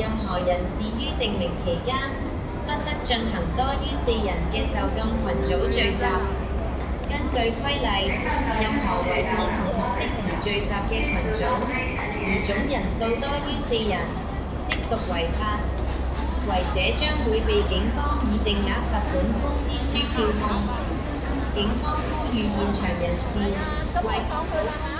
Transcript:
任何人士於定名期間，不得進行多於四人嘅受禁群組聚集。根據規例，任何為共同目的而聚集嘅群組，如總人數多於四人，即屬違法。違者將會被警方以定額罰款通知書票控。警方呼籲現場人士。